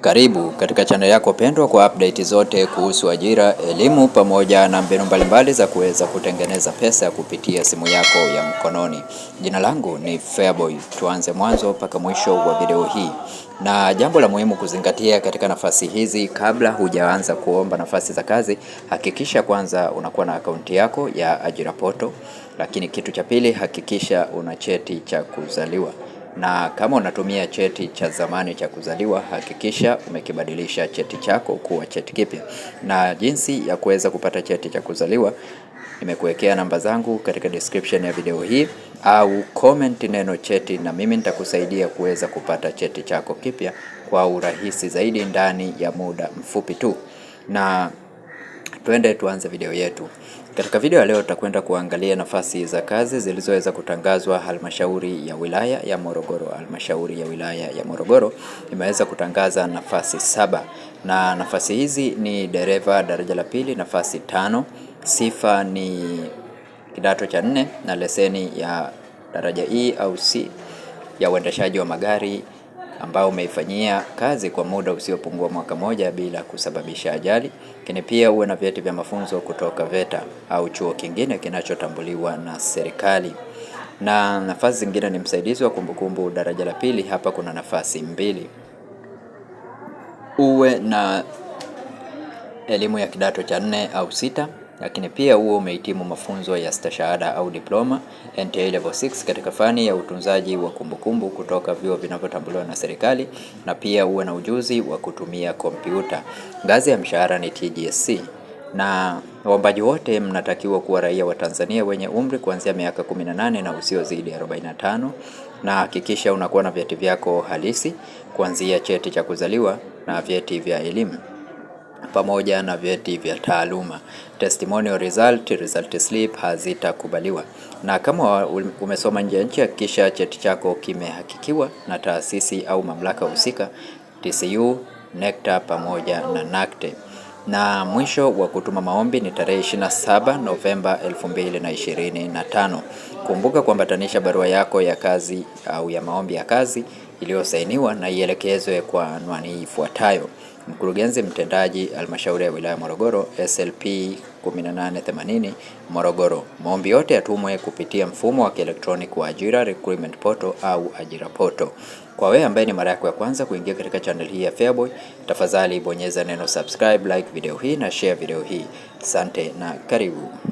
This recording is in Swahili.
Karibu katika channel yako pendwa kwa update zote kuhusu ajira, elimu pamoja na mbinu mbalimbali za kuweza kutengeneza pesa kupitia simu yako ya mkononi. Jina langu ni Feaboy. Tuanze mwanzo mpaka mwisho wa video hii. Na jambo la muhimu kuzingatia katika nafasi hizi, kabla hujaanza kuomba nafasi za kazi, hakikisha kwanza unakuwa na akaunti yako ya ajira poto. Lakini kitu cha pili, hakikisha una cheti cha kuzaliwa na kama unatumia cheti cha zamani cha kuzaliwa, hakikisha umekibadilisha cheti chako kuwa cheti kipya. Na jinsi ya kuweza kupata cheti cha kuzaliwa, nimekuwekea namba zangu katika description ya video hii, au comment neno cheti, na mimi nitakusaidia kuweza kupata cheti chako kipya kwa urahisi zaidi ndani ya muda mfupi tu, na twende tuanze video yetu. Katika video ya leo tutakwenda kuangalia nafasi za kazi zilizoweza kutangazwa halmashauri ya wilaya ya Morogoro. Halmashauri ya wilaya ya Morogoro imeweza kutangaza nafasi saba, na nafasi hizi ni dereva daraja la pili nafasi tano, sifa ni kidato cha nne na leseni ya daraja E au C ya uendeshaji wa magari ambao umeifanyia kazi kwa muda usiopungua mwaka moja bila kusababisha ajali. Lakini pia uwe na vyeti vya mafunzo kutoka VETA au chuo kingine kinachotambuliwa na serikali. Na nafasi zingine ni msaidizi wa kumbukumbu daraja la pili. Hapa kuna nafasi mbili. Uwe na elimu ya kidato cha nne au sita lakini pia huo umehitimu mafunzo ya stashahada au diploma NTA level 6 katika fani ya utunzaji wa kumbukumbu kumbu kutoka vyuo vinavyotambuliwa na serikali, na pia uwe na ujuzi wa kutumia kompyuta. Ngazi ya mshahara ni TGSC na waombaji wote mnatakiwa kuwa raia wa Tanzania wenye umri kuanzia miaka 18 na usiozidi 45, na hakikisha unakuwa na vyeti vyako halisi kuanzia cheti cha kuzaliwa na vyeti vya elimu pamoja na vyeti vya taaluma. Testimonial result, result slip hazitakubaliwa. Na kama umesoma nje ya nchi, hakikisha cheti chako kimehakikiwa na taasisi au mamlaka husika, TCU, NECTA pamoja na NACTE. Na mwisho wa kutuma maombi ni tarehe 27 Novemba 2025. Kumbuka kuambatanisha barua yako ya kazi au ya maombi ya kazi iliyosainiwa na ielekezwe kwa anwani ifuatayo: Mkurugenzi Mtendaji Halmashauri ya Wilaya Morogoro SLP 1880 Morogoro, maombi yote yatumwe kupitia mfumo wa kielektroniki wa ajira recruitment portal au ajira portal. Kwa wewe ambaye ni mara yako ya kwanza kuingia katika channel hii ya Feaboy, tafadhali bonyeza neno subscribe, like video hii na share video hii. Asante na karibu.